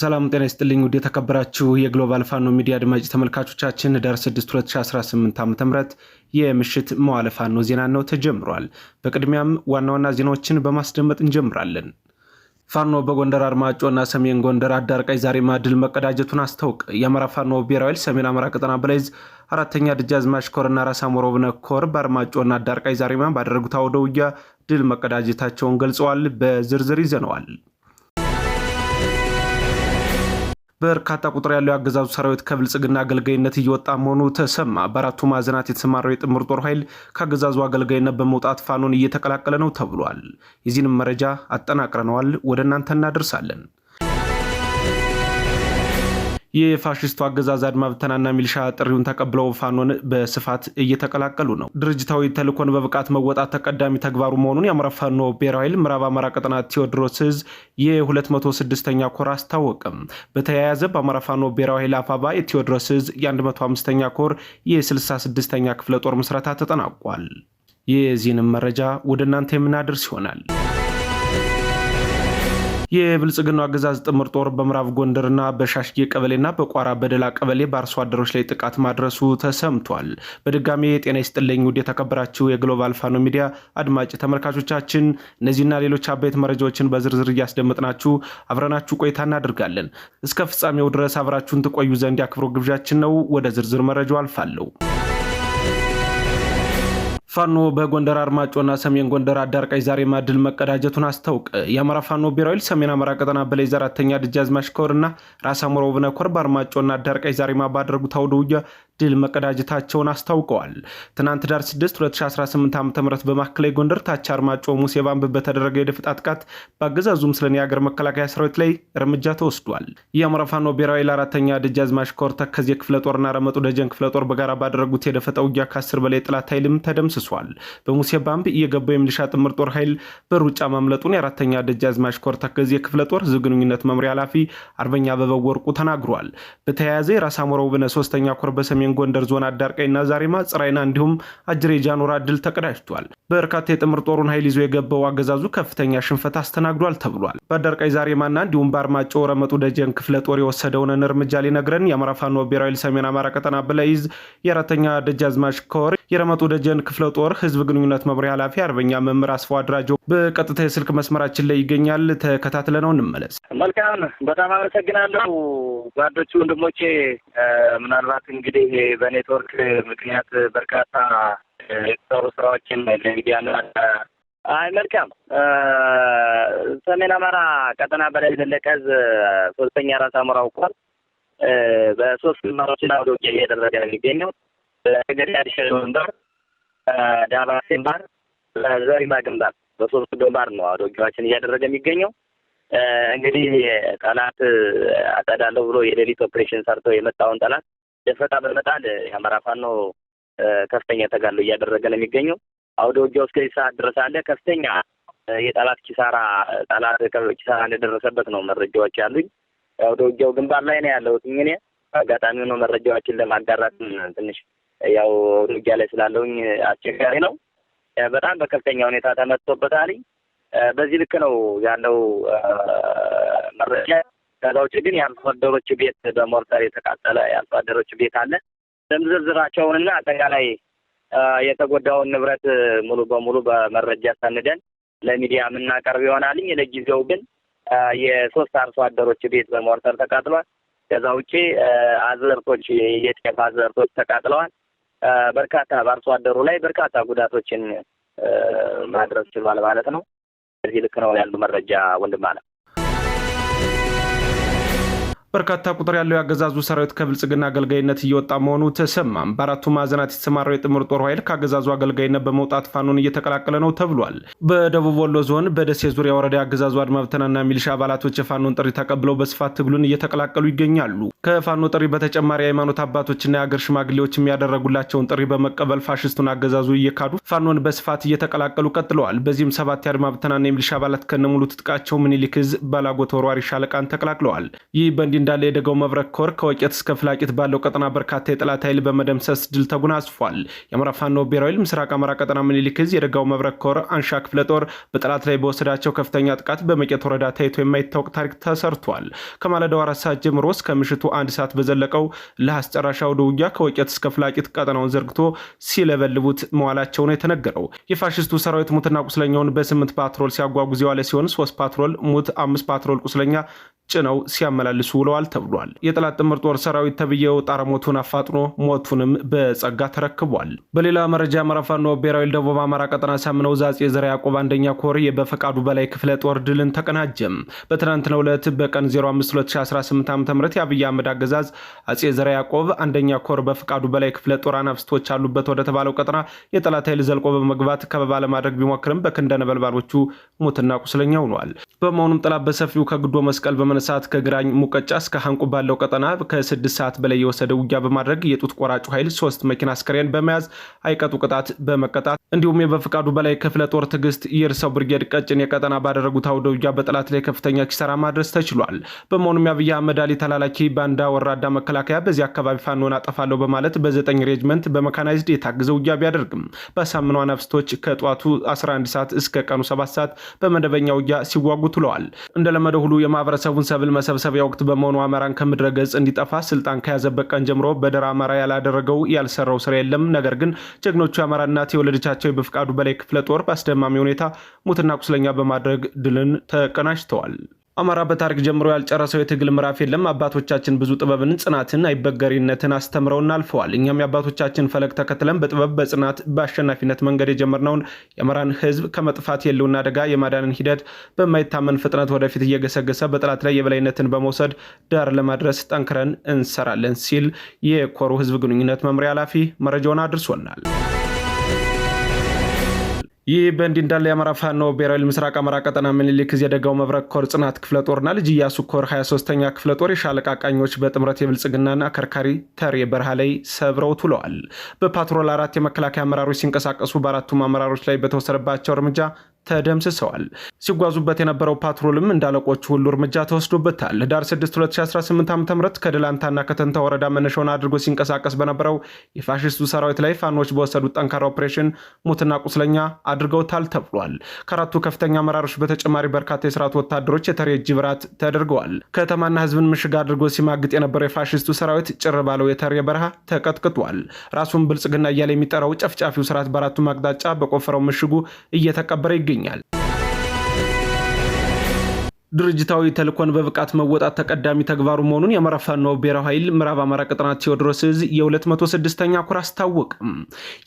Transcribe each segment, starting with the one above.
ሰላም ጤና ይስጥልኝ ውድ የተከበራችሁ የግሎባል ፋኖ ሚዲያ አድማጭ ተመልካቾቻችን ህዳር 6 2018 ዓ ም የምሽት መዋለ ፋኖ ዜና ነው ተጀምሯል። በቅድሚያም ዋና ዋና ዜናዎችን በማስደመጥ እንጀምራለን። ፋኖ በጎንደር አርማጮና ሰሜን ጎንደር አዳርቃይ ዛሬማ ድል መቀዳጀቱን አስታውቅ የአማራ ፋኖ ብሔራዊ ኃይል ሰሜን አማራ ቀጠና በላይ ዕዝ አራተኛ ደጃዝማች ኮርና ራስ አሞራ ብነ ኮር በአርማጮና አዳርቃይ ዛሬማ ባደረጉት አውደ ውጊያ ድል መቀዳጀታቸውን ገልጸዋል። በዝርዝር ይዘነዋል። በርካታ ቁጥር ያለው የአገዛዙ ሰራዊት ከብልጽግና አገልጋይነት እየወጣ መሆኑ ተሰማ። በአራቱ ማዕዘናት የተሰማራው የጥምር ጦር ኃይል ከአገዛዙ አገልጋይነት በመውጣት ፋኖን እየተቀላቀለ ነው ተብሏል። የዚህንም መረጃ አጠናቅረነዋል፣ ወደ እናንተ እናደርሳለን። የፋሽስቱ አገዛዝ አድማ ብተናና ሚሊሻ ጥሪውን ተቀብለው ፋኖን በስፋት እየተቀላቀሉ ነው። ድርጅታዊ ተልእኮን በብቃት መወጣት ተቀዳሚ ተግባሩ መሆኑን የአማራ ፋኖ ብሔራዊ ኃይል ምዕራብ አማራ ቀጠና ቴዎድሮስ ዕዝ የ206ኛ ኮር አስታወቅም። በተያያዘ በአማራ ፋኖ ብሔራዊ ኃይል አፋባ የቴዎድሮስ ዕዝ የ105ኛ ኮር የ66ኛ ክፍለ ጦር ምስረታ ተጠናቋል። የዚህንም መረጃ ወደ እናንተ የምናደርስ ይሆናል። የብልጽግናው አገዛዝ ጥምር ጦር በምዕራብ ጎንደርና በሻሽጌ ቀበሌና በቋራ በደላ ቀበሌ በአርሶ አደሮች ላይ ጥቃት ማድረሱ ተሰምቷል። በድጋሚ የጤና ይስጥልኝ ውድ የተከበራችሁ የግሎባል ፋኖ ሚዲያ አድማጭ ተመልካቾቻችን እነዚህና ሌሎች አበይት መረጃዎችን በዝርዝር እያስደመጥናችሁ አብረናችሁ ቆይታ እናደርጋለን። እስከ ፍጻሜው ድረስ አብራችሁን ትቆዩ ዘንድ ያክብሮ ግብዣችን ነው። ወደ ዝርዝር መረጃው አልፋለሁ። ፋኖ በጎንደር አርማጮና ሰሜን ጎንደር አዳርቃይ ዛሬ ማድል መቀዳጀቱን አስታውቅ። የአማራ ፋኖ ብሔራዊ ሰሜን አማራ ቀጠና በላይ ዘ አራተኛ ድጃዝማች ኮርና ራስ አሞራ ውብነህ ኮር በአርማጮና አዳርቃይ ዛሬማ ባደረጉት አውደ ውጊያ ድል መቀዳጀታቸውን አስታውቀዋል። ትናንት ዳር 6 2018 ዓ ም በማዕከላዊ ጎንደር ታች አርማጮ ሙሴ ባንብ በተደረገ የደፈጣ ጥቃት በአገዛዙ ምስለኔ የአገር መከላከያ ሰራዊት ላይ እርምጃ ተወስዷል። የአማራ ፋኖ ብሔራዊ ለአራተኛ ደጃዝማች ኮር ተከዜ ክፍለ ጦርና ረመጡ ደጀን ክፍለ ጦር በጋራ ባደረጉት የደፈጠ ውጊያ ከአስር በላይ ጥላት ኃይልም ተደምስሷል። በሙሴ ባምብ እየገባው የሚሊሻ ጥምር ጦር ኃይል በሩጫ ማምለጡን የአራተኛ ደጃዝማች ኮር ተከዜ ክፍለ ጦር ህዝብ ግንኙነት መምሪያ ኃላፊ አርበኛ በበወርቁ ተናግሯል። በተያያዘ የራስ አሞረው ብነ ሶስተኛ ኮር በሰሜ ሰሜን ጎንደር ዞን አዳርቀይና ዛሪማ፣ ጽራይና እንዲሁም አጅሬ ጃኖራ ድል ተቀዳጅቷል። በርካታ የጥምር ጦሩን ኃይል ይዞ የገባው አገዛዙ ከፍተኛ ሽንፈት አስተናግዷል ተብሏል። በአዳርቃይ ዛሪማና እንዲሁም በአርማጭሆ ረመጡ ደጀን ክፍለ ጦር የወሰደውን እርምጃ ሊነግረን የአማራ ፋኖ ብሔራዊ ሰሜን አማራ ቀጠና ብለይዝ የአራተኛ ደጃዝማች ከወር የረመጡ ደጀን ክፍለ ጦር ህዝብ ግንኙነት መምሪያ ኃላፊ አርበኛ መምህር አስፎ አድራጆ በቀጥታ የስልክ መስመራችን ላይ ይገኛል። ተከታትለነው እንመለስ። መልካም በጣም አመሰግናለሁ ጓዶቹ ወንድሞቼ። ምናልባት እንግዲህ በኔትወርክ ምክንያት በርካታ የተሰሩ ስራዎችን ለሚዲያና አይ መልካም ሰሜን አማራ ቀጠና በላይ ዘለቀ ዕዝ ሶስተኛ ራስ አሞራ ኳል በሶስት ግንባሮችና ወደ ውጊያ እያደረገ ነው የሚገኘው ለነገሪ አዲሸል ግንባር፣ ዳባ ግንባር፣ ለዘሪማ ግንባር በሶስቱ ግንባር ነው ውጊያዎችን እያደረገ የሚገኘው። እንግዲህ ጠላት አጠዳለሁ ብሎ የሌሊት ኦፕሬሽን ሰርቶ የመጣውን ጠላት ደፈጣ በመጣል የአማራ ፋኖ ከፍተኛ ተጋድሎ እያደረገ ነው የሚገኘው። አውደ ውጊያው እስከዚህ ሰዓት ድረስ አለ። ከፍተኛ የጠላት ኪሳራ ጠላት ኪሳራ እንደደረሰበት ነው መረጃዎች ያሉኝ። አውደ ውጊያው ግንባር ላይ ነው ያለሁት እኔ። አጋጣሚ ሆኖ መረጃዎችን ለማጋራት ትንሽ ያው ውጊያ ላይ ስላለውኝ አስቸጋሪ ነው። በጣም በከፍተኛ ሁኔታ ተመትቶበታል። በዚህ ልክ ነው ያለው መረጃ። ከዛ ውጭ ግን የአርሶ አደሮች ቤት በሞርተር የተቃጠለ የአርሶ አደሮች ቤት አለ። ዝርዝራቸውንና አጠቃላይ የተጎዳውን ንብረት ሙሉ በሙሉ በመረጃ ሰንደን ለሚዲያ የምናቀርብ ይሆናልኝ። ለጊዜው ግን የሶስት አርሶ አደሮች ቤት በሞርተር ተቃጥሏል። ከዛ ውጭ አዝርቶች የጤፍ አዝርቶች ተቃጥለዋል። በርካታ በአርሶ አደሩ ላይ በርካታ ጉዳቶችን ማድረስ ችሏል ማለት ነው። እዚህ ልክ ነው ያሉ መረጃ ወንድም አለ በርካታ ቁጥር ያለው የአገዛዙ ሰራዊት ከብልጽግና አገልጋይነት እየወጣ መሆኑ ተሰማም። በአራቱ ማዕዘናት የተሰማራው የጥምር ጦር ኃይል ከአገዛዙ አገልጋይነት በመውጣት ፋኖን እየተቀላቀለ ነው ተብሏል። በደቡብ ወሎ ዞን በደሴ ዙሪያ ወረዳ የአገዛዙ አድማብተናና ብተናና ሚሊሻ አባላቶች የፋኖን ጥሪ ተቀብለው በስፋት ትግሉን እየተቀላቀሉ ይገኛሉ። ከፋኖ ጥሪ በተጨማሪ የሃይማኖት አባቶችና የአገር ሽማግሌዎች የሚያደረጉላቸውን ጥሪ በመቀበል ፋሽስቱን አገዛዙ እየካዱ ፋኖን በስፋት እየተቀላቀሉ ቀጥለዋል። በዚህም ሰባት የአድማብተናና ብተናና የሚሊሻ አባላት ከነሙሉ ትጥቃቸው ምኒልክ ባላጎ ተወርዋሪ ሻለቃን ተቀላቅለዋል። ይህ በእንዲህ እንዳለ የደገው መብረቅ ኮር ከወቄት እስከ ፍላቂት ባለው ቀጠና በርካታ የጠላት ኃይል በመደምሰስ ድል ተጎናጽፏል። የአማራ ፋኖ ብሔራዊ ኃይል ምስራቅ አማራ ቀጠና ምኒልክ ዕዝ የደጋው መብረቅ ኮር አንሻ ክፍለ ጦር በጠላት ላይ በወሰዳቸው ከፍተኛ ጥቃት በመቄት ወረዳ ታይቶ የማይታወቅ ታሪክ ተሰርቷል። ከማለዳው አራት ሰዓት ጀምሮ እስከ ምሽቱ አንድ ሰዓት በዘለቀው ለአስጨራሻ ወደ ውጊያ ከወቄት እስከ ፍላቂት ቀጠናውን ዘርግቶ ሲለበልቡት መዋላቸው ነው የተነገረው። የፋሽስቱ ሰራዊት ሙትና ቁስለኛውን በስምንት ፓትሮል ሲያጓጉዝ የዋለ ሲሆን ሶስት ፓትሮል ሙት፣ አምስት ፓትሮል ቁስለኛ ጭነው ሲያመላልሱ ውለዋል ተብሏል። የጠላት ጥምር ጦር ሰራዊት ተብዬው ጣረሞቱን አፋጥኖ ሞቱንም በጸጋ ተረክቧል። በሌላ መረጃ መረፋኖ ብሔራዊ ደቡብ አማራ ቀጠና ሳምነው ዛጼ ዘርዓ ያዕቆብ አንደኛ ኮር የበፈቃዱ በላይ ክፍለ ጦር ድልን ተቀናጀም። በትናንትናው ዕለት በቀን 052018 ዓ ም የአብይ አህመድ አገዛዝ አፄ ዘርዓ ያዕቆብ አንደኛ ኮር በፈቃዱ በላይ ክፍለ ጦር አናብስቶች አሉበት ወደ ተባለው ቀጠና የጠላት ኃይል ዘልቆ በመግባት ከበባ ለማድረግ ቢሞክርም በክንደ ነበልባሎቹ ሞትና ቁስለኛ ሆኗል። በመሆኑም ጠላት በሰፊው ከግዶ መስቀል በመ ከሰሞነ ሰዓት ከግራኝ ሙቀጫ እስከ ሀንቁ ባለው ቀጠና ከስድስት ሰዓት በላይ የወሰደ ውጊያ በማድረግ የጡት ቆራጩ ኃይል ሶስት መኪና አስከሬን በመያዝ አይቀጡ ቅጣት በመቀጣት እንዲሁም የበፍቃዱ በላይ ክፍለ ጦር ትዕግስት የእርሰው ብርጌድ ቀጭን የቀጠና ባደረጉት አውደ ውጊያ በጠላት ላይ ከፍተኛ ኪሳራ ማድረስ ተችሏል። በመሆኑም የአብይ አህመድ አሊ ተላላኪ ባንዳ ወራዳ መከላከያ በዚህ አካባቢ ፋኖን አጠፋለሁ በማለት በዘጠኝ ሬጅመንት በመካናይዝድ የታገዘ ውጊያ ቢያደርግም በሳምኗ ነፍስቶች ከጠዋቱ 11 ሰዓት እስከ ቀኑ 7 ሰዓት በመደበኛ ውጊያ ሲዋጉ ትለዋል። እንደለመደ ሁሉ የማህበረሰቡን ሰብል መሰብሰቢያ ወቅት በመሆኑ አማራን ከምድረ ገጽ እንዲጠፋ ስልጣን ከያዘበት ቀን ጀምሮ በደራ አማራ ያላደረገው ያልሰራው ስራ የለም። ነገር ግን ጀግኖቹ የአማራ እናት የወለደቻቸው በፍቃዱ በላይ ክፍለ ጦር በአስደማሚ ሁኔታ ሙትና ቁስለኛ በማድረግ ድልን ተቀናጅተዋል። አማራ በታሪክ ጀምሮ ያልጨረሰው የትግል ምዕራፍ የለም። አባቶቻችን ብዙ ጥበብን፣ ጽናትን፣ አይበገሪነትን አስተምረውን አልፈዋል። እኛም የአባቶቻችን ፈለግ ተከትለን በጥበብ በጽናት በአሸናፊነት መንገድ የጀመርነውን የአማራን ሕዝብ ከመጥፋት የሕልውና አደጋ የማዳንን ሂደት በማይታመን ፍጥነት ወደፊት እየገሰገሰ በጠላት ላይ የበላይነትን በመውሰድ ዳር ለማድረስ ጠንክረን እንሰራለን ሲል የኮሩ ሕዝብ ግንኙነት መምሪያ ኃላፊ መረጃውን አድርሶናል። ይህ በእንዲህ እንዳለ የአማራ ፋኖ ብሔራዊ ምስራቅ አማራ ቀጠና ምኒልክ የደጋው መብረቅ ኮር ጽናት ክፍለ ጦርና ልጅ እያሱ ኮር 23ኛ ክፍለ ጦር የሻለቃ ቃኞች በጥምረት የብልጽግናና አከርካሪ ተሬ በረሃ ላይ ሰብረው ትለዋል። በፓትሮል አራት የመከላከያ አመራሮች ሲንቀሳቀሱ በአራቱም አመራሮች ላይ በተወሰደባቸው እርምጃ ተደምስሰዋል። ሲጓዙበት የነበረው ፓትሮልም እንዳለቆቹ ሁሉ እርምጃ ተወስዶበታል። ኅዳር 6 2018 ዓ ም ከደላንታና ከተንታ ወረዳ መነሻውን አድርጎ ሲንቀሳቀስ በነበረው የፋሽስቱ ሰራዊት ላይ ፋኖች በወሰዱት ጠንካራ ኦፕሬሽን ሙትና ቁስለኛ አድርገውታል ተብሏል። ከአራቱ ከፍተኛ አመራሮች በተጨማሪ በርካታ የስርዓቱ ወታደሮች የተሬጅ ብራት ተደርገዋል። ከተማና ህዝብን ምሽግ አድርጎ ሲማግጥ የነበረው የፋሽስቱ ሰራዊት ጭር ባለው የተሬ በረሃ ተቀጥቅጧል። ራሱን ብልጽግና እያለ የሚጠራው ጨፍጫፊው ስርዓት በአራቱም አቅጣጫ በቆፈረው ምሽጉ እየተቀበረ ይገኛል። ¡Genial! ድርጅታዊ ተልኮን በብቃት መወጣት ተቀዳሚ ተግባሩ መሆኑን የአማራ ፋኖ ብሔራዊ ኃይል ምዕራብ አማራ ቀጠና ቴዎድሮስ እዝ የ206ኛ ኮር አስታወቅ።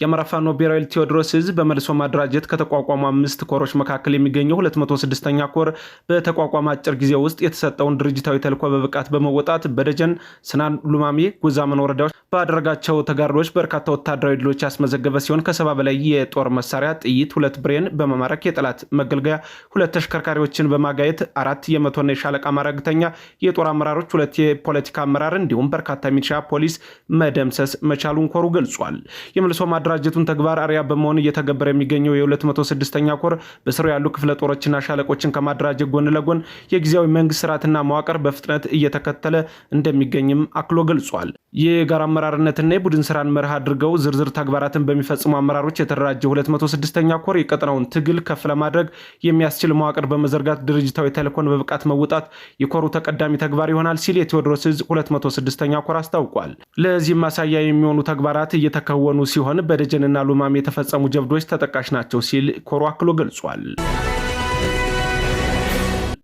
የአማራ ፋኖ ብሔራዊ ኃይል ቴዎድሮስ እዝ በመልሶ ማደራጀት ከተቋቋሙ አምስት ኮሮች መካከል የሚገኘው 206ኛ ኮር በተቋቋመ አጭር ጊዜ ውስጥ የተሰጠውን ድርጅታዊ ተልኮ በብቃት በመወጣት በደጀን፣ ስናን፣ ሉማሜ፣ ጎዛመን ወረዳዎች ባደረጋቸው ተጋድሎች በርካታ ወታደራዊ ድሎች ያስመዘገበ ሲሆን ከሰባ በላይ የጦር መሳሪያ ጥይት፣ ሁለት ብሬን በመማረክ የጠላት መገልገያ ሁለት ተሽከርካሪዎችን በማጋየት አራት የመቶና የሻለቃ ማረግተኛ የጦር አመራሮች፣ ሁለት የፖለቲካ አመራር እንዲሁም በርካታ ሚሊሻ ፖሊስ መደምሰስ መቻሉን ኮሩ ገልጿል። የመልሶ ማደራጀቱን ተግባር አሪያ በመሆን እየተገበረ የሚገኘው የ206ኛ ኮር በስሩ ያሉ ክፍለ ጦሮችና ሻለቆችን ከማደራጀት ጎን ለጎን የጊዜያዊ መንግስት ስርዓትና መዋቅር በፍጥነት እየተከተለ እንደሚገኝም አክሎ ገልጿል። የጋራ አመራርነትና የቡድን ስራን መርህ አድርገው ዝርዝር ተግባራትን በሚፈጽሙ አመራሮች የተደራጀ 206ኛ ኮር የቀጠናውን ትግል ከፍ ለማድረግ የሚያስችል መዋቅር በመዘርጋት ድርጅታዊ ቴሌኮን በብቃት መውጣት የኮሩ ተቀዳሚ ተግባር ይሆናል ሲል የቴዎድሮስ እዝ 206ኛ ኮር አስታውቋል። ለዚህም ማሳያ የሚሆኑ ተግባራት እየተከወኑ ሲሆን በደጀንና ሉማሜ የተፈጸሙ ጀብዶች ተጠቃሽ ናቸው ሲል ኮሩ አክሎ ገልጿል።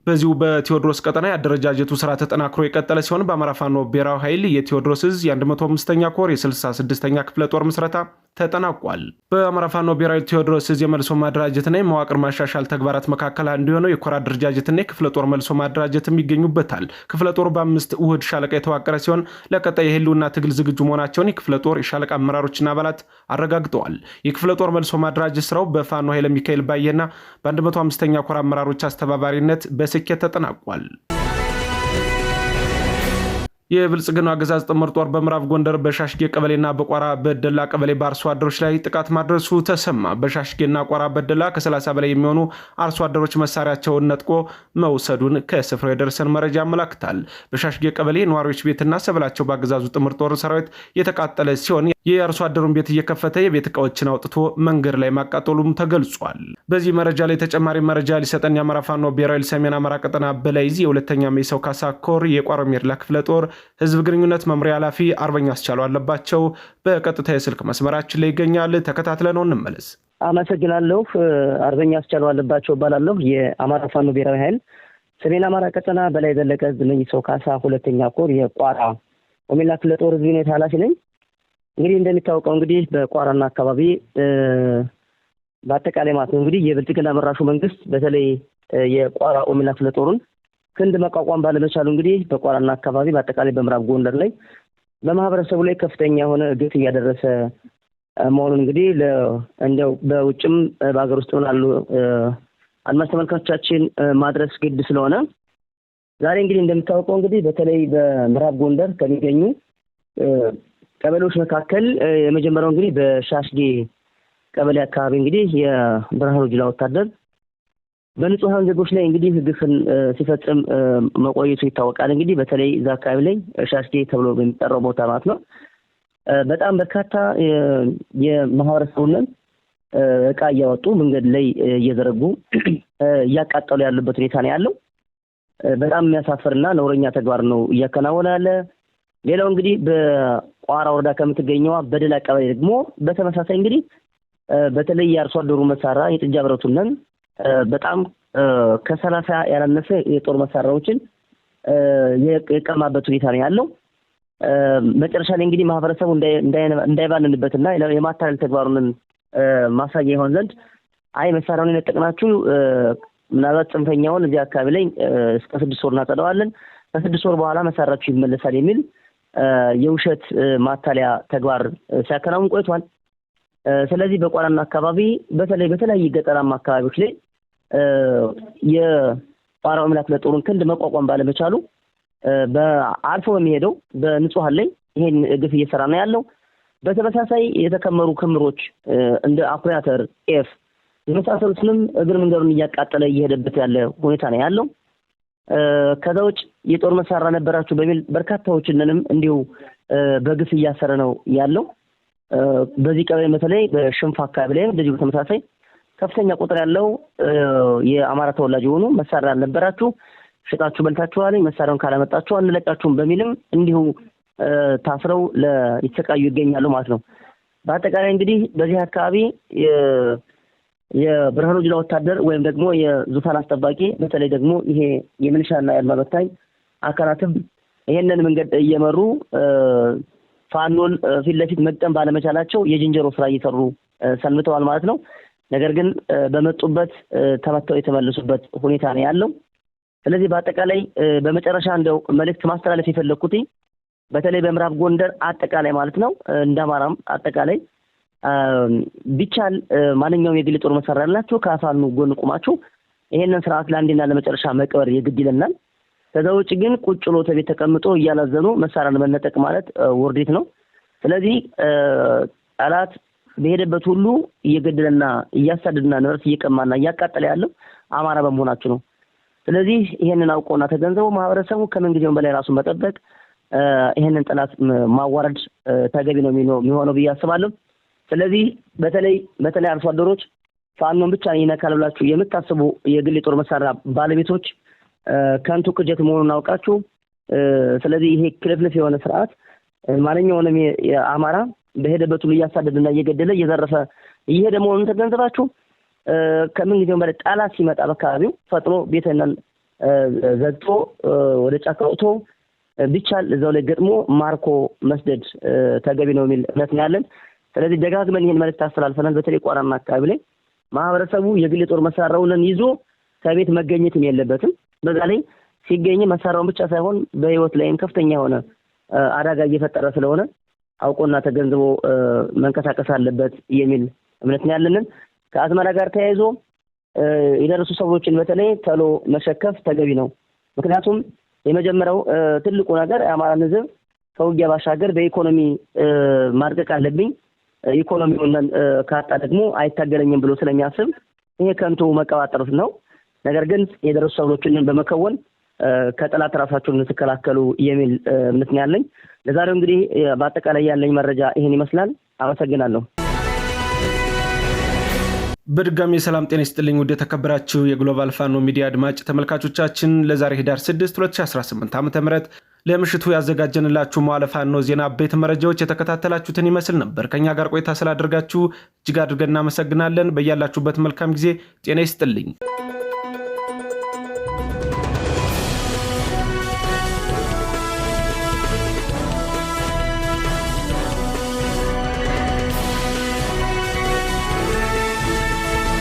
በዚሁ በቴዎድሮስ ቀጠና የአደረጃጀቱ ስራ ተጠናክሮ የቀጠለ ሲሆን በአማራ ፋኖ ብሔራዊ ኃይል የቴዎድሮስ እዝ የ 15 ኛ ኮር የ66ኛ ክፍለ ጦር ምስረታ ተጠናቋል። በአማራ ፋኖ ብሔራዊ ቴዎድሮስ እዝ የመልሶ ማደራጀትና የመዋቅር ማሻሻል ተግባራት መካከል አንዱ የሆነው የኮር አደረጃጀትና የክፍለ ጦር መልሶ ማደራጀትም ይገኙበታል። ክፍለ ጦሩ በአምስት ውህድ ሻለቃ የተዋቀረ ሲሆን ለቀጣይ የህልውና ትግል ዝግጁ መሆናቸውን የክፍለ ጦር የሻለቃ አመራሮችና አባላት አረጋግጠዋል። የክፍለ ጦር መልሶ ማደራጀት ስራው በፋኖ ኃይለ ሚካኤል ባየና በ105ኛ ኮር አመራሮች አስተባባሪነት በስኬት ተጠናቋል። የብልጽግናው አገዛዝ ጥምር ጦር በምዕራብ ጎንደር በሻሽጌ ቀበሌና በቋራ በደላ ቀበሌ በአርሶ አደሮች ላይ ጥቃት ማድረሱ ተሰማ። በሻሽጌና ቋራ በደላ ከ30 በላይ የሚሆኑ አርሶ አደሮች መሳሪያቸውን ነጥቆ መውሰዱን ከስፍራው የደረሰን መረጃ ያመላክታል። በሻሽጌ ቀበሌ ነዋሪዎች ቤትና ሰብላቸው በአገዛዙ ጥምር ጦር ሰራዊት የተቃጠለ ሲሆን የአርሶ አደሩን ቤት እየከፈተ የቤት እቃዎችን አውጥቶ መንገድ ላይ ማቃጠሉም ተገልጿል። በዚህ መረጃ ላይ ተጨማሪ መረጃ ሊሰጠን የአማራ ፋኖ ብሔራዊ ሰሜን አማራ ቀጠና በላይዚ የሁለተኛ ሜሰው ካሳ ኮር የቋራ ክፍለ ጦር ህዝብ ግንኙነት መምሪያ ኃላፊ አርበኛ አስቻሉ አለባቸው በቀጥታ የስልክ መስመራችን ላይ ይገኛል። ተከታትለነው እንመለስ። አመሰግናለሁ። አርበኛ አስቻሉ አለባቸው እባላለሁ። የአማራ ፋኖ ብሔራዊ ኃይል ሰሜን አማራ ቀጠና በላይ ዘለቀ ህዝብ ሰው ካሳ ሁለተኛ ኮር የቋራ ኦሜላ ክፍለ ጦር ህዝብ ሁኔታ ኃላፊ ነኝ። እንግዲህ እንደሚታወቀው እንግዲህ በቋራና አካባቢ በአጠቃላይ ማለት ነው እንግዲህ የብልጽግና መራሹ መንግስት በተለይ የቋራ ኦሜላ ክፍለ ጦሩን ክንድ መቋቋም ባለመቻሉ እንግዲህ በቋራና አካባቢ በአጠቃላይ በምዕራብ ጎንደር ላይ በማህበረሰቡ ላይ ከፍተኛ የሆነ እግት እያደረሰ መሆኑን እንግዲህ እንዲያው በውጭም በሀገር ውስጥ ላሉ አድማስ ተመልካቾቻችን ማድረስ ግድ ስለሆነ ዛሬ እንግዲህ እንደምታውቀው እንግዲህ በተለይ በምዕራብ ጎንደር ከሚገኙ ቀበሌዎች መካከል የመጀመሪያው እንግዲህ በሻሽጌ ቀበሌ አካባቢ እንግዲህ የብርሃኑ ጁላ ወታደር በንጹሐን ዜጎች ላይ እንግዲህ ግፍን ሲፈጽም መቆየቱ ይታወቃል። እንግዲህ በተለይ እዛ አካባቢ ላይ ሻሽቴ ተብሎ በሚጠራው ቦታ ማለት ነው በጣም በርካታ የማህበረሰቡን እቃ እያወጡ መንገድ ላይ እየዘረጉ እያቃጠሉ ያሉበት ሁኔታ ነው ያለው። በጣም የሚያሳፍርና ነውረኛ ተግባር ነው እያከናወነ ያለ። ሌላው እንግዲህ በቋራ ወረዳ ከምትገኘዋ በደል አቀባቢ ደግሞ በተመሳሳይ እንግዲህ በተለይ የአርሶ አደሩ መሳሪያ የጥጃ ብረቱነን በጣም ከሰላሳ ያላነሰ የጦር መሳሪያዎችን የቀማበት ሁኔታ ነው ያለው። መጨረሻ ላይ እንግዲህ ማህበረሰቡ እንዳይባልንበትና የማታለል ተግባሩንን ማሳያ ይሆን ዘንድ አይ መሳሪያውን የነጠቅናችሁ ምናልባት ጽንፈኛውን እዚህ አካባቢ ላይ እስከ ስድስት ወር እናጸደዋለን፣ ከስድስት ወር በኋላ መሳሪያችሁ ይመለሳል የሚል የውሸት ማታለያ ተግባር ሲያከናውን ቆይቷል። ስለዚህ በቋራና አካባቢ በተለይ በተለያዩ ገጠራማ አካባቢዎች ላይ የቋራው አምላክ ለጦሩን ክንድ መቋቋም ባለመቻሉ በአልፎ በሚሄደው በንጹሐን ላይ ይሄን ግፍ እየሰራ ነው ያለው። በተመሳሳይ የተከመሩ ክምሮች እንደ አኩሪ አተር፣ ጤፍ የመሳሰሉትንም እግር መንገዱን እያቃጠለ እየሄደበት ያለ ሁኔታ ነው ያለው። ከዛ ውጭ የጦር መሳሪያ ነበራችሁ በሚል በርካታዎችንንም እንዲሁ በግፍ እያሰረ ነው ያለው። በዚህ ቀበሌ በተለይ በሽንፋ አካባቢ ላይም እንደዚሁ በተመሳሳይ ከፍተኛ ቁጥር ያለው የአማራ ተወላጅ የሆኑ መሳሪያ አልነበራችሁ ሽጣችሁ በልታችኋል፣ መሳሪያውን ካላመጣችሁ አንለቃችሁም በሚልም እንዲሁ ታስረው የተሰቃዩ ይገኛሉ ማለት ነው። በአጠቃላይ እንግዲህ በዚህ አካባቢ የብርሃኑ ጅላ ወታደር ወይም ደግሞ የዙፋን አስጠባቂ በተለይ ደግሞ ይሄ የሚሊሻና የአድማ በታኝ አካላትም ይሄንን መንገድ እየመሩ ፋኖን ፊት ለፊት መቅጠም ባለመቻላቸው የዝንጀሮ ስራ እየሰሩ ሰንብተዋል ማለት ነው። ነገር ግን በመጡበት ተመተው የተመለሱበት ሁኔታ ነው ያለው። ስለዚህ በአጠቃላይ በመጨረሻ እንደው መልእክት ማስተላለፍ የፈለግኩት በተለይ በምዕራብ ጎንደር አጠቃላይ ማለት ነው እንደ አማራም አጠቃላይ ቢቻል ማንኛውም የግል ጦር መሳሪያ ያላችሁ ከአፋኑ ጎን ቁማችሁ ይሄንን ስርዓት ለአንዴና ለመጨረሻ መቅበር የግድ ይለናል። ከዛ ውጭ ግን ቁጭ ብሎ ተቤት ተቀምጦ እያላዘኑ መሳሪያ ለመነጠቅ ማለት ውርዴት ነው። ስለዚህ ጠላት በሄደበት ሁሉ እየገደለና እያሳደድና ንብረት እየቀማና እያቃጠለ ያለው አማራ በመሆናችሁ ነው። ስለዚህ ይሄንን አውቆና ተገንዘቡ ማህበረሰቡ ከምንጊዜውም በላይ ራሱን መጠበቅ፣ ይሄንን ጠላት ማዋረድ ተገቢ ነው የሚሆነው ብዬ አስባለሁ። ስለዚህ በተለይ በተለይ አርሶ አደሮች ፋኖን ብቻ ይነካል ብላችሁ የምታስቡ የግል የጦር መሳሪያ ባለቤቶች ከንቱ ቅጀት መሆኑን አውቃችሁ፣ ስለዚህ ይሄ ክልፍልፍ የሆነ ስርዓት ማንኛውንም የአማራ በሄደበት ሁሉ እያሳደደና እየገደለ እየዘረፈ እየሄደ መሆኑን ተገንዘባችሁ። ከምን ጊዜው በላይ ጠላት ሲመጣ በአካባቢው ፈጥኖ ቤተናን ዘግቶ ወደ ጫካ ወጥቶ ቢቻል እዛው ላይ ገጥሞ ማርኮ መስደድ ተገቢ ነው የሚል እምነት ነው ያለን። ስለዚህ ደጋግመን ይህን መልዕክት አስተላልፈናል። በተለይ ቋራማ አካባቢ ላይ ማህበረሰቡ የግል ጦር መሳሪያውን ይዞ ከቤት መገኘትም የለበትም። በዛ ላይ ሲገኝ መሳሪያውን ብቻ ሳይሆን በህይወት ላይም ከፍተኛ የሆነ አደጋ እየፈጠረ ስለሆነ አውቆና ተገንዝቦ መንቀሳቀስ አለበት የሚል እምነት ያለንን። ከአዝመራ ጋር ተያይዞ የደረሱ ሰብሎችን በተለይ ተሎ መሸከፍ ተገቢ ነው። ምክንያቱም የመጀመሪያው ትልቁ ነገር የአማራን ሕዝብ ከውጊያ ባሻገር በኢኮኖሚ ማድቀቅ አለብኝ፣ ኢኮኖሚውን ካጣ ደግሞ አይታገለኝም ብሎ ስለሚያስብ ይሄ ከንቱ መቀባጠር ነው። ነገር ግን የደረሱ ሰብሎችን በመከወን ከጠላት ራሳቸውን ልትከላከሉ የሚል እምነት ነው ያለኝ። ለዛሬው እንግዲህ በአጠቃላይ ያለኝ መረጃ ይህን ይመስላል። አመሰግናለሁ። በድጋሚ የሰላም ጤና ይስጥልኝ። ውድ የተከበራችሁ የግሎባል ፋኖ ሚዲያ አድማጭ ተመልካቾቻችን ለዛሬ ህዳር 6 2018 ዓ ም ለምሽቱ ያዘጋጀንላችሁ መዋለ ፋኖ ዜና ቤት መረጃዎች የተከታተላችሁትን ይመስል ነበር። ከእኛ ጋር ቆይታ ስላደርጋችሁ እጅግ አድርገን እናመሰግናለን። በያላችሁበት መልካም ጊዜ ጤና ይስጥልኝ።